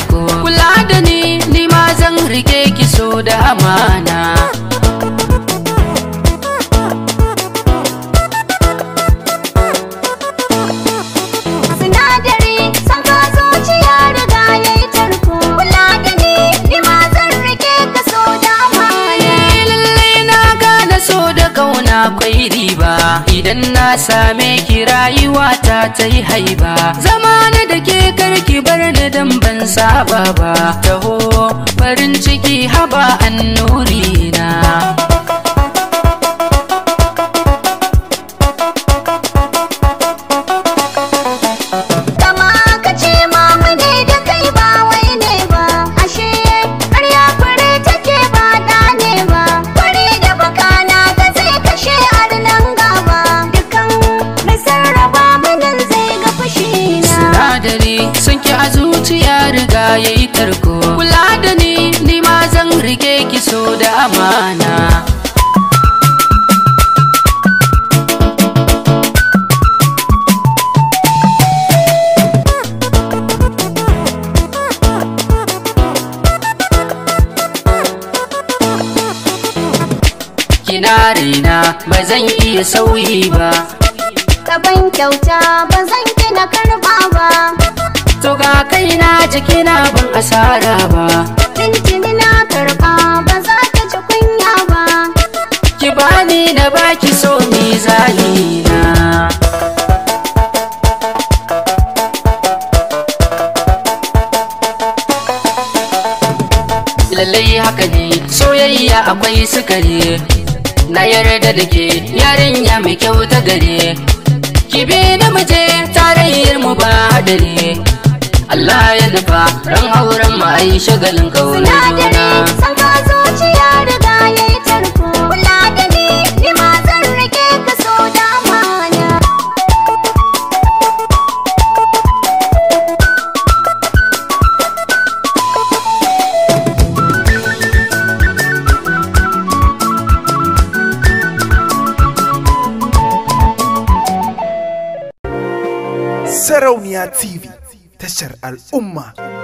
cuerpo akwai riba idan na same ki rayuwa ta tai yi haiba zamana da ke karki bar ni dan ban saba ba taho farin ciki haba annuri son ki a zuciya riga yayi tarko kula da ni ni ma zan rike ki so da amana kina raina ba zan iya sauyi ba. ban kyauta ba zan kina karba ba. to ga kaina jikina ban asara ba tintini na karba ba za ta ci kunya ba ki bani na baki so mizani na lallai haka ne soyayya akwai sukari na yarda da ke yarinya mai kyau ta gare ki bi na muje tarayyar mu ba hadari Allah ya dafa ran auren mu ai shagalin kauna sinadari san ka zuciya riga yayi tarko kula da ni ni ma zan rike ka so da amana Sarauniya TV tashar al'umma.